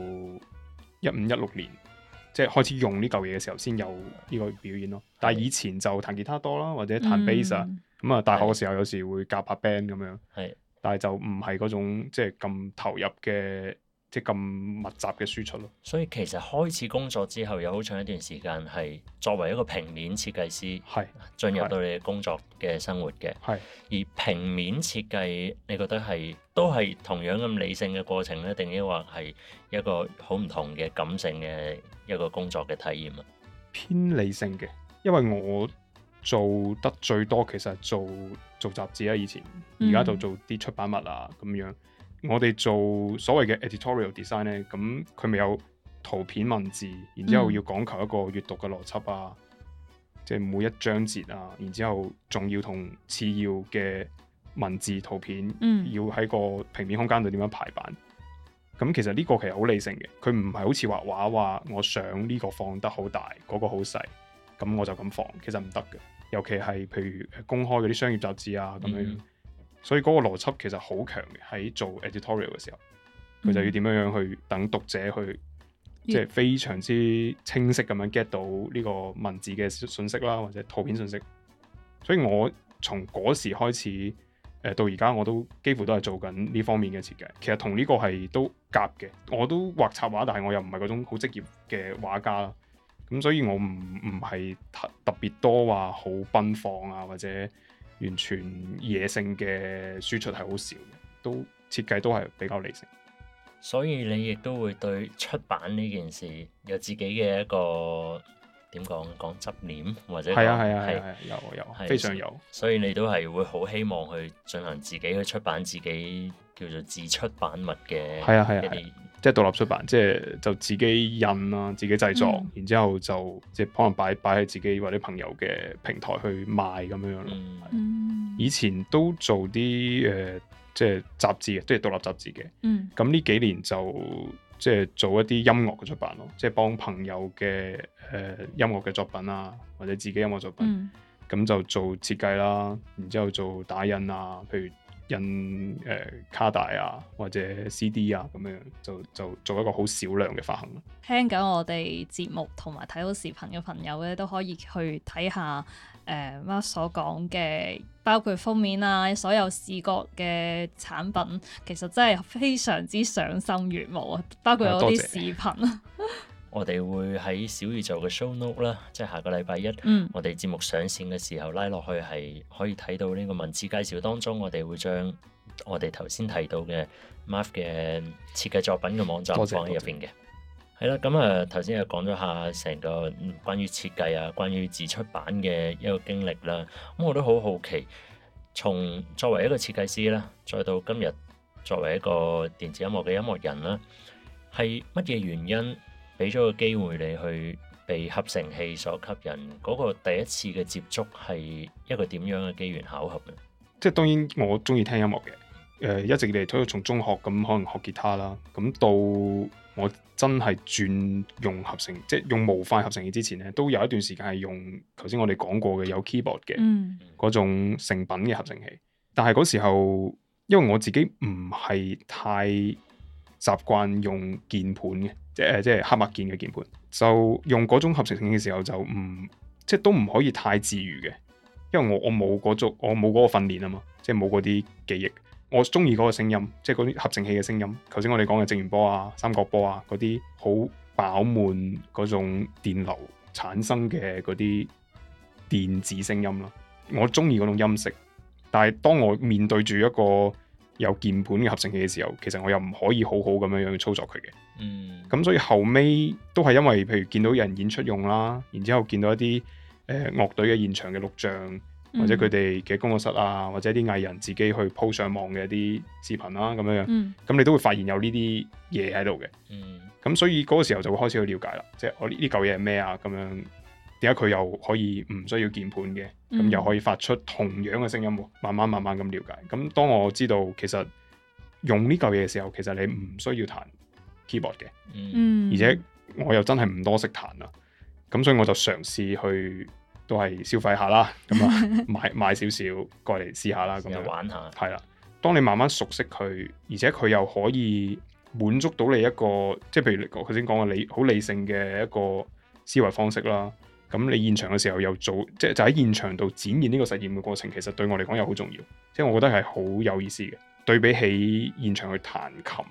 一五一六年。即係開始用呢嚿嘢嘅時候，先有呢個表演咯。但係以前就彈吉他多啦，或者彈 bass 啊、嗯。咁啊、嗯，大學嘅時候有時候會夾下 band 咁樣。係是，但係就唔係嗰種即係咁投入嘅，即係咁密集嘅輸出咯。所以其實開始工作之後，有好長一段時間係作為一個平面設計師，是進入到你嘅工作嘅生活嘅。係。而平面設計，你覺得係都係同樣咁理性嘅過程咧，定抑或係一個好唔同嘅感性嘅？一個工作嘅體驗啊，偏理性嘅，因為我做得最多其實係做做雜誌啦、啊，以前而家就做啲出版物啊咁樣。我哋做所謂嘅 editorial design 咧，咁佢咪有圖片文字，然之後要講求一個閱讀嘅邏輯啊，即係、嗯、每一章節啊，然之後仲要同次要嘅文字圖片，嗯，要喺個平面空間度點樣排版。咁其實呢個其實好理性嘅，佢唔係好似畫畫話，我想呢個放得好大，嗰、那個好細，咁我就咁放，其實唔得嘅。尤其係譬如公開嗰啲商業雜誌啊咁樣，嗯、所以嗰個邏輯其實好強嘅。喺做 editorial 嘅時候，佢就要點樣樣去等讀者去，即係、嗯、非常之清晰咁樣 get 到呢個文字嘅訊息啦，或者圖片信息。所以我從嗰時開始。誒到而家我都幾乎都係做緊呢方面嘅設計，其實同呢個係都夾嘅。我都畫插畫，但係我又唔係嗰種好職業嘅畫家啦。咁所以我唔唔係特特別多話好奔放啊，或者完全野性嘅輸出係好少嘅，都設計都係比較理性。所以你亦都會對出版呢件事有自己嘅一個。點講講執念或者係係係有有、啊、非常有，所以你都係會好希望去進行自己去出版自己叫做自出版物嘅，係啊係啊，即係獨立出版，即、就、係、係、就自己印啊，自己製作，嗯、然之後就即係、就是、可能擺擺喺自己或者朋友嘅平台去賣咁樣樣咯、嗯啊。以前都做啲誒即係雜誌，都係獨立雜誌嘅。嗯，咁呢幾年就。即係做一啲音樂嘅出版咯，即係幫朋友嘅誒、呃、音樂嘅作品啊，或者自己音樂作品，咁、嗯、就做設計啦，然之後做打印啊，譬如。印誒、呃、卡帶啊，或者 CD 啊，咁樣就就做一個好少量嘅發行。聽緊我哋節目同埋睇到視頻嘅朋友咧，都可以去睇下 maf、呃、所講嘅，包括封面啊，所有視覺嘅產品，其實真係非常之賞心悅目啊！包括有啲視頻。啊 我哋會喺小宇宙嘅 show note 啦，即係下個禮拜一，嗯、我哋節目上線嘅時候拉落去係可以睇到呢個文字介紹當中，我哋會將我哋頭先提到嘅 maf 嘅設計作品嘅網站放喺入邊嘅。係啦，咁啊頭先又講咗下成個關於設計啊，關於自出版嘅一個經歷啦。咁我都好好奇，從作為一個設計師啦，再到今日作為一個電子音樂嘅音樂人啦，係乜嘢原因？俾咗個機會你去被合成器所吸引，嗰個第一次嘅接觸係一個點樣嘅機緣巧合嘅？即係當然我中意聽音樂嘅，誒、呃、一直嚟睇到從中學咁可能學吉他啦，咁到我真係轉用合成，即係用模塊合成器之前咧，都有一段時間係用頭先我哋講過嘅有 keyboard 嘅嗰種成品嘅合成器，但係嗰時候因為我自己唔係太習慣用鍵盤嘅。即係黑白鍵嘅鍵盤，就用嗰種合成器嘅時候就唔即係都唔可以太自如嘅，因為我我冇嗰種我冇嗰個訓練啊嘛，即係冇嗰啲記憶。我中意嗰個聲音，即係嗰啲合成器嘅聲音。頭先我哋講嘅正弦波啊、三角波啊嗰啲好飽滿嗰種電流產生嘅嗰啲電子聲音咯，我中意嗰種音色。但係當我面對住一個有鍵盤嘅合成器嘅時候，其實我又唔可以好好咁樣樣去操作佢嘅。嗯，咁所以後尾都係因為，譬如見到有人演出用啦，然之後見到一啲誒樂隊嘅現場嘅錄像，或者佢哋嘅工作室啊，或者啲藝人自己去鋪上網嘅一啲視頻啦，啊，咁樣樣，咁、嗯、你都會發現有呢啲嘢喺度嘅。咁、嗯、所以嗰個時候就會開始去了解啦，即、就、係、是、我呢呢嚿嘢係咩啊？咁樣點解佢又可以唔需要鍵盤嘅？咁、嗯、又可以發出同樣嘅聲音？慢慢慢慢咁了解。咁當我知道其實用呢嚿嘢嘅時候，其實你唔需要彈。嘅，嗯，而且我又真係唔多識彈啦，咁所以我就嘗試去都係消費下啦，咁啊買 買，買少少過嚟試下啦，咁樣玩下，係啦。當你慢慢熟悉佢，而且佢又可以滿足到你一個，即係譬如你頭先講嘅你好理性嘅一個思維方式啦。咁你現場嘅時候又做，即係就喺現場度展現呢個實驗嘅過程，其實對我嚟講又好重要，即係我覺得係好有意思嘅。對比起現場去彈琴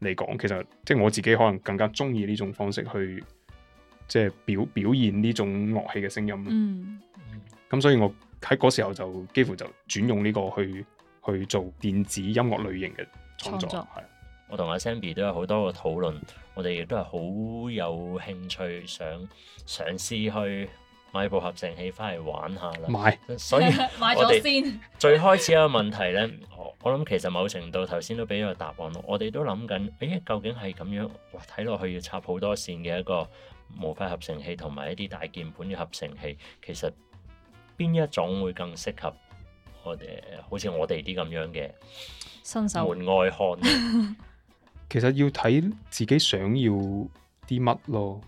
嚟講，其實即係我自己可能更加中意呢種方式去即係表表現呢種樂器嘅聲音。嗯，咁、嗯、所以我喺嗰時候就幾乎就轉用呢個去去做電子音樂類型嘅創作。係作，是我同阿 Sammy 都有好多個討論，我哋亦都係好有興趣想嘗試去。買部合成器翻嚟玩下啦，買，所以買咗先。 最開始一個問題呢。我我諗其實某程度頭先都俾咗個答案咯。我哋都諗緊，誒、哎、究竟係咁樣，哇睇落去要插好多線嘅一個模塊合成器，同埋一啲大鍵盤嘅合成器，其實邊一種會更適合我哋？好似我哋啲咁樣嘅新手門外漢，信手 其實要睇自己想要啲乜咯。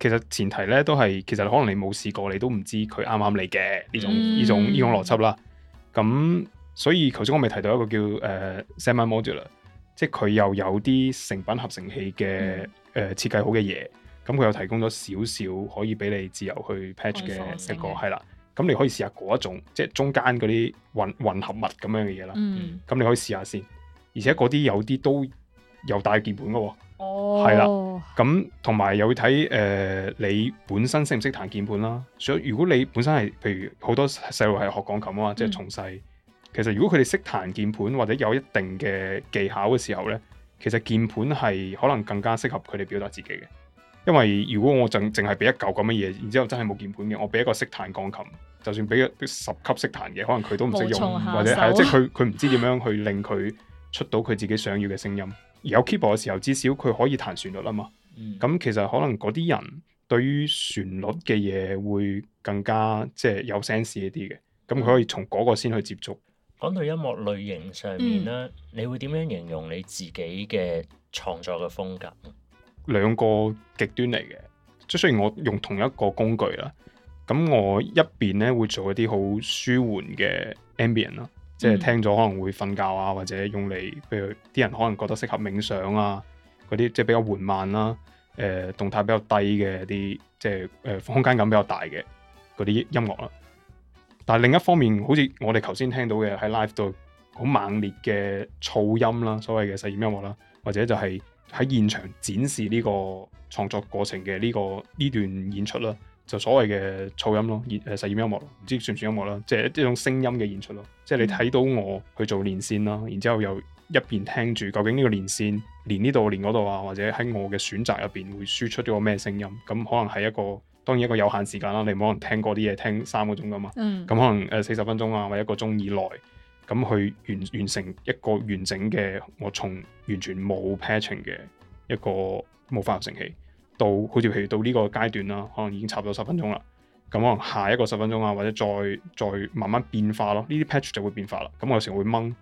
其實前提咧都係，其實可能你冇試過，你都唔知佢啱唔啱你嘅呢種呢、嗯、種呢種邏輯啦。咁、嗯、所以頭先我未提到一個叫誒、呃、Semi Modular，即係佢又有啲成品合成器嘅誒設計好嘅嘢，咁佢又提供咗少少可以俾你自由去 patch 嘅一個係、嗯、啦。咁、嗯、你可以試下嗰一種，即係中間嗰啲混混合物咁樣嘅嘢啦。咁、嗯嗯、你可以試下先，而且嗰啲有啲都有帶鍵盤噶喎。嗯哦，係啦、oh.，咁同埋又睇誒你本身識唔識彈鍵盤啦。所以如果你本身係譬如好多細路係學鋼琴啊，嗯、即係從細，其實如果佢哋識彈鍵盤或者有一定嘅技巧嘅時候咧，其實鍵盤係可能更加適合佢哋表達自己嘅。因為如果我淨淨係俾一嚿咁嘅嘢，然之後真係冇鍵盤嘅，我俾一個識彈鋼琴，就算俾一啲十級識彈嘅，可能佢都唔識用，或者係即係佢佢唔知點樣去令佢出到佢自己想要嘅聲音。 有 keyboard 嘅時候，至少佢可以彈旋律啊嘛。咁、嗯、其實可能嗰啲人對於旋律嘅嘢會更加即係有 sense 一啲嘅。咁佢可以從嗰個先去接觸。講到音樂類型上面咧，嗯、你會點樣形容你自己嘅創作嘅風格？兩個極端嚟嘅，即係雖然我用同一個工具啦，咁我一邊咧會做一啲好舒緩嘅 ambient 即係聽咗可能會瞓覺啊，或者用嚟，譬如啲人可能覺得適合冥想啊，嗰啲即係比較緩慢啦、啊，誒、呃、動態比較低嘅啲，即係誒空間感比較大嘅嗰啲音樂啦、啊。但係另一方面，好似我哋頭先聽到嘅喺 live 度好猛烈嘅噪音啦，所謂嘅實驗音樂啦，或者就係喺現場展示呢個創作過程嘅呢、呢個呢段演出啦。就所謂嘅噪音咯，呃、演誒實驗音樂，唔知算唔算音樂啦，即係一種聲音嘅演出咯。即係你睇到我去做連線啦，然之後又一邊聽住，究竟呢個連線連呢度連嗰度啊，或者喺我嘅選擇入邊會輸出咗個咩聲音？咁可能係一個當然一個有限時間啦，你冇可能聽嗰啲嘢聽三個鐘噶嘛。咁、嗯、可能誒四十分鐘啊，或者一個鐘以內，咁去完完成一個完整嘅我從完全冇 patching 嘅一個冇發射聲器。到好似譬如到呢個階段啦，可能已經差唔多十分鐘啦，咁可能下一個十分鐘啊，或者再再慢慢變化咯，呢啲 patch 就會變化啦。咁我有時會掹，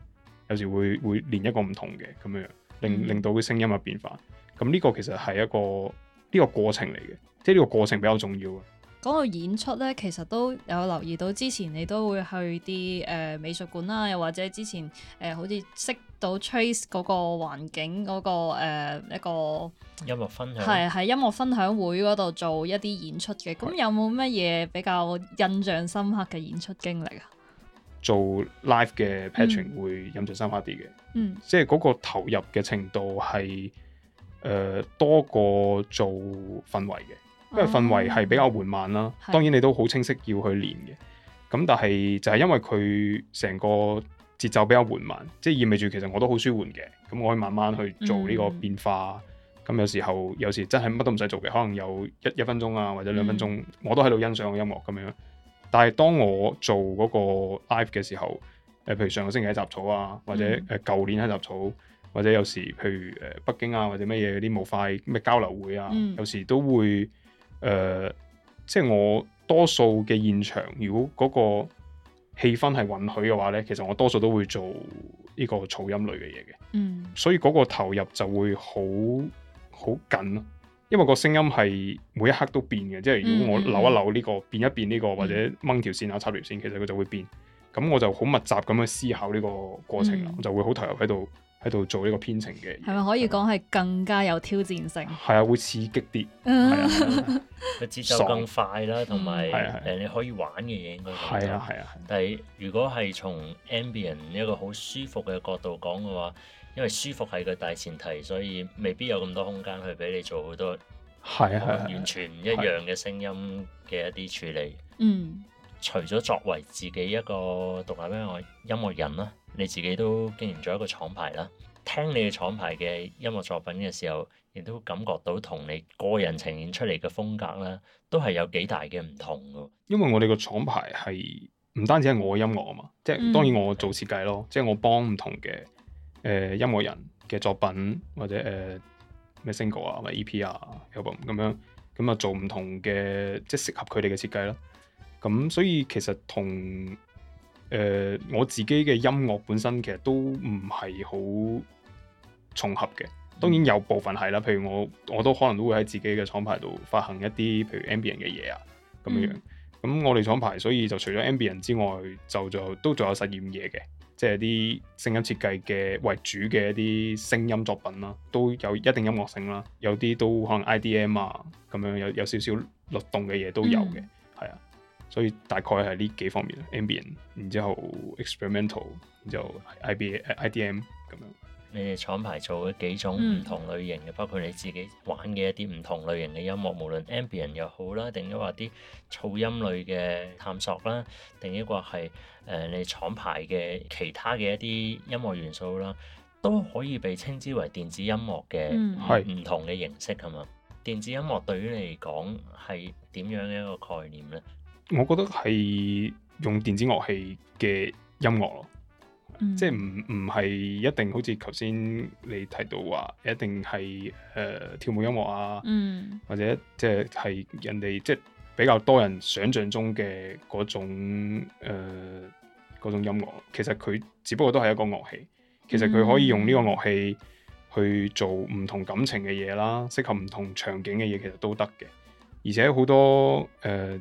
有時會會連一個唔同嘅咁樣，令令到嘅聲音啊變化。咁呢個其實係一個呢個過程嚟嘅，即係呢個過程比較重要啊。嗰個演出咧，其實都有留意到。之前你都會去啲誒、呃、美術館啦，又或者之前誒、呃、好似識到 Trace 嗰個環境嗰、那個、呃、一個音樂分享，係喺音樂分享會嗰度做一啲演出嘅。咁有冇乜嘢比較印象深刻嘅演出經歷啊？做 live 嘅 patching 會印象深刻啲嘅，嗯，嗯即係嗰個投入嘅程度係誒、呃、多過做氛圍嘅。因為氛圍係比較緩慢啦，哦嗯、當然你都好清晰要去練嘅。咁是但係就係因為佢成個節奏比較緩慢，即、就、係、是、意味住其實我都好舒緩嘅。咁我可以慢慢去做呢個變化。咁、嗯、有時候有時候真係乜都唔使做嘅，可能有一一分鐘啊或者兩分鐘，嗯、我都喺度欣賞個音樂咁樣。但係當我做嗰個 live 嘅時候，誒譬如上個星期喺雜草啊，或者誒舊年喺雜草，嗯、或者有時譬如誒北京啊或者乜嘢啲模塊咩交流會啊，有時都會。誒，uh, 即係我多數嘅現場，如果嗰個氣氛係允許嘅話呢，其實我多數都會做呢個噪音類嘅嘢嘅。嗯，所以嗰個投入就會好好緊咯，因為個聲音係每一刻都變嘅。即係如果我扭一扭呢個，變一變呢個，或者掹條線啊，插條線，其實佢就會變。咁我就好密集咁去思考呢個過程啦，嗯，我就會好投入喺度。喺度做呢個編程嘅，係咪可以講係更加有挑戰性？係啊，會刺激啲，係啊， 個節奏更快啦，同埋誒你可以玩嘅嘢應該係啊係啊。但係如果係從 Ambient 一個好舒服嘅角度講嘅話，因為舒服係個大前提，所以未必有咁多空間去俾你做好多係啊完全唔一樣嘅聲音嘅一啲處理。嗯，除咗作為自己一個獨立嘅音樂人啦。你自己都經營咗一個廠牌啦，聽你嘅廠牌嘅音樂作品嘅時候，亦都感覺到同你個人呈現出嚟嘅風格咧，都係有幾大嘅唔同嘅。因為我哋個廠牌係唔單止係我嘅音樂啊嘛，即係當然我做設計咯，嗯、即係是我幫唔同嘅誒、呃、音樂人嘅作品或者誒咩、呃、single 啊、咪 EP 啊、album 咁樣，咁啊做唔同嘅即係適合佢哋嘅設計啦。咁所以其實同誒、呃、我自己嘅音樂本身其實都唔係好重合嘅，當然有部分係啦，譬如我我都可能都會喺自己嘅廠牌度發行一啲譬如 Ambient 嘅嘢啊咁樣，咁、嗯、我哋廠牌所以就除咗 Ambient 之外，就就都仲有實驗嘢嘅，即係啲聲音設計嘅為主嘅一啲聲音作品啦，都有一定音樂性啦，嗯、有啲都可能 IDM 啊咁樣有有少少律動嘅嘢都有嘅。嗯所以大概係呢幾方面啦，Ambient，然之後 Experimental，就 IB IDM 咁樣。你哋廠牌做咗幾種唔同類型嘅，嗯、包括你自己玩嘅一啲唔同類型嘅音樂，無論 Ambient 又好啦，定一話啲噪音類嘅探索啦，定一話係誒你廠牌嘅其他嘅一啲音樂元素啦，都可以被稱之為電子音樂嘅係唔同嘅形式，係嘛、嗯是？電子音樂對於你嚟講係點樣嘅一個概念咧？我覺得係用電子樂器嘅音樂咯，嗯、即係唔唔係一定好似頭先你提到話，一定係誒、呃、跳舞音樂啊，嗯、或者即係人哋即係比較多人想像中嘅嗰種誒、呃、嗰種音樂。其實佢只不過都係一個樂器，其實佢可以用呢個樂器去做唔同感情嘅嘢啦，適合唔同場景嘅嘢其實都得嘅，而且好多誒。呃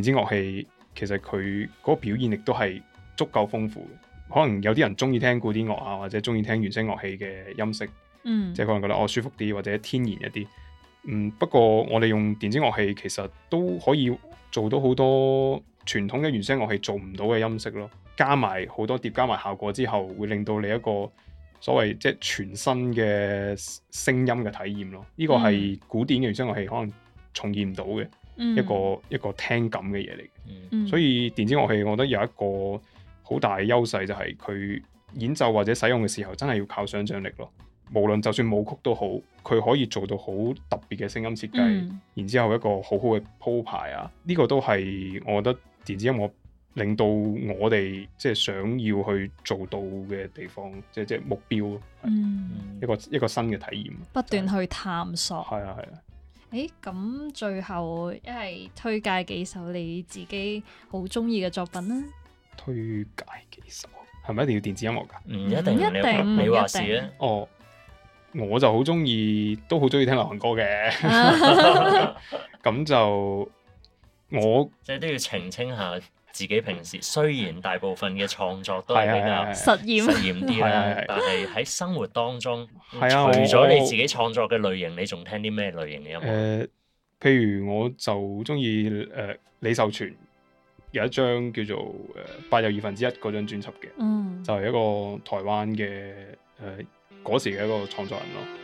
電子樂器其實佢嗰個表現力都係足夠豐富嘅，可能有啲人中意聽古典樂啊，或者中意聽原聲樂器嘅音色，嗯，即係可能覺得哦舒服啲或者天然一啲。嗯，不過我哋用電子樂器其實都可以做到好多傳統嘅原聲樂器做唔到嘅音色咯，加埋好多疊加埋效果之後，會令到你一個所謂即係全新嘅聲音嘅體驗咯。呢個係古典嘅原聲樂器可能重現唔到嘅。嗯嗯嗯、一個一個聽感嘅嘢嚟嘅，嗯、所以電子樂器我覺得有一個好大嘅優勢就係佢演奏或者使用嘅時候，真係要靠想象力咯。無論就算舞曲都好，佢可以做到好特別嘅聲音設計，嗯、然之後一個好好嘅鋪排啊，呢個都係我覺得電子音樂令到我哋即係想要去做到嘅地方，即係即係目標，嗯、一個一個新嘅體驗，不斷去探索，係啊係啊。誒，咁、欸、最後一係推介幾首你自己好中意嘅作品啦。推介幾首，係咪一定要電子音樂噶唔一定，一定一定你話事啊。哦，我就好中意，都好中意聽流行歌嘅。咁 就我即係都要澄清下。.自己平時雖然大部分嘅創作都係比較實驗實驗啲啦，對對對對，但係喺生活當中， 除咗你自己創作嘅類型，你仲聽啲咩類型嘅音樂？譬如我就中意，誒李壽全有一張叫做《誒、呃、八又二分之一》嗰張專輯嘅，嗯，就係一個台灣嘅誒嗰時嘅一個創作人咯。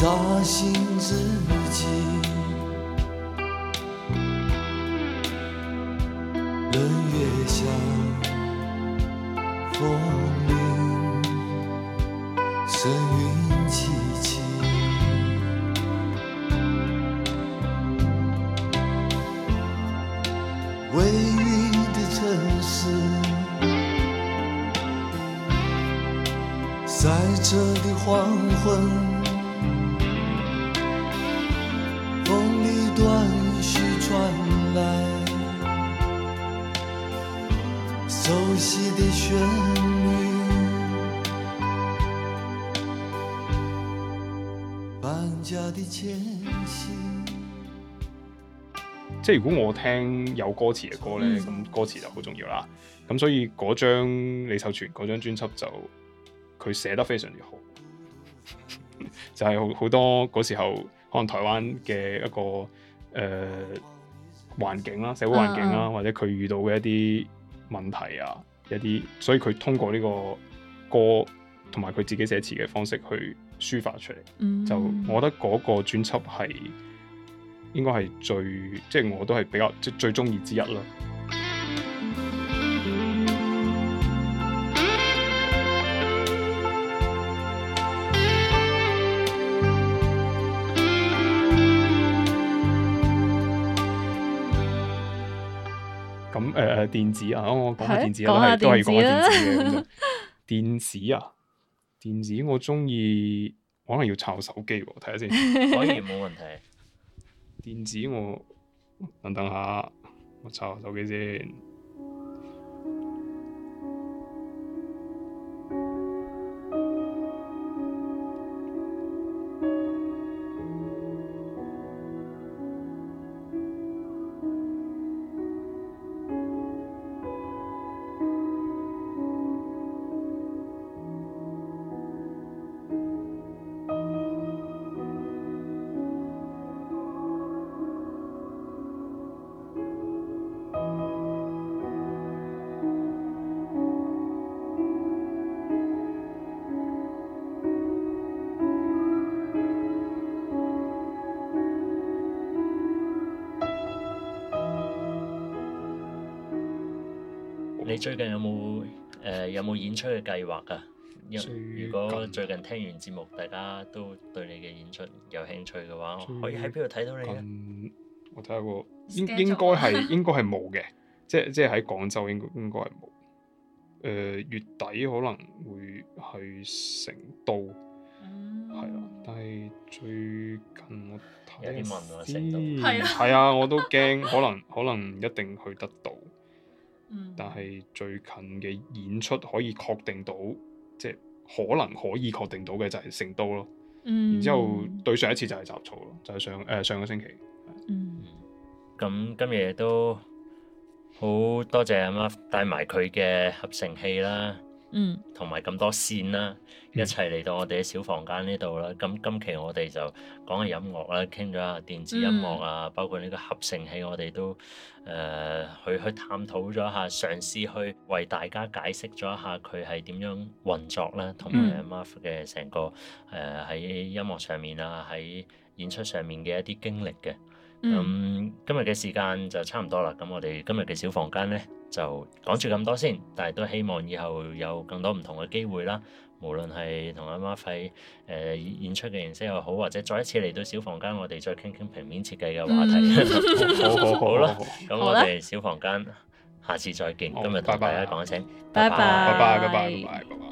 扎心自己。即係如果我聽有歌詞嘅歌咧，咁歌詞就好重要啦。咁所以嗰張李壽全嗰張專輯就佢寫得非常之好， 就係好好多嗰時候可能台灣嘅一個誒、呃、環境啦，社會環境啦，uh huh. 或者佢遇到嘅一啲問題啊，一啲所以佢通過呢個歌同埋佢自己寫詞嘅方式去抒發出嚟。Uh huh. 就我覺得嗰個專輯係。應該係最即係我都係比較即係最中意之一啦。咁誒、 呃、電子啊，我講下電子啦，都係講下電子嘅。 電子啊，電子我中意，可能要摷手機喎，啊，睇下先。可 以冇問題。電子我等等下，我查下手機先。最近有冇誒、有冇、呃、演出嘅計劃㗎？如果最近聽完節目，大家都對你嘅演出有興趣嘅話，近我可以喺邊度睇到你咧？我睇下個應應該係應該係冇嘅，即係即係喺廣州應該應該係冇。誒、呃、月底可能會去成都，係、嗯、啊！但係最近我睇，嗯，係啊， 我都驚可能可能唔一定去得到。最近嘅演出可以確定到，即、就、係、是、可能可以確定到嘅就係成都咯。嗯、然之後對上一次就係雜草咯，就係、是、上誒、呃、上個星期。嗯，咁、嗯、今日都好多謝阿媽帶埋佢嘅合成器啦。嗯，同埋咁多線啦，一齊嚟到我哋嘅小房間呢度啦。咁今，今期我哋就講下音樂啦，傾咗下電子音樂啊，包括呢個合成器，我哋都誒、呃、去去探討咗一下，嘗試去為大家解釋咗一下佢係點樣運作啦，同埋阿 maf 嘅成個誒喺、呃、音樂上面啊，喺演出上面嘅一啲經歷嘅。咁、嗯嗯、今日嘅時間就差唔多啦，咁我哋今日嘅小房間咧就講住咁多先，但係都希望以後有更多唔同嘅機會啦，無論係同阿媽費誒演出嘅形式又好，或者再一次嚟到小房間，我哋再傾傾平面設計嘅話題，嗯、 好好好啦，咁吧我哋小房間下次再見，呢今日同大家講一聲，拜拜，拜拜，拜拜。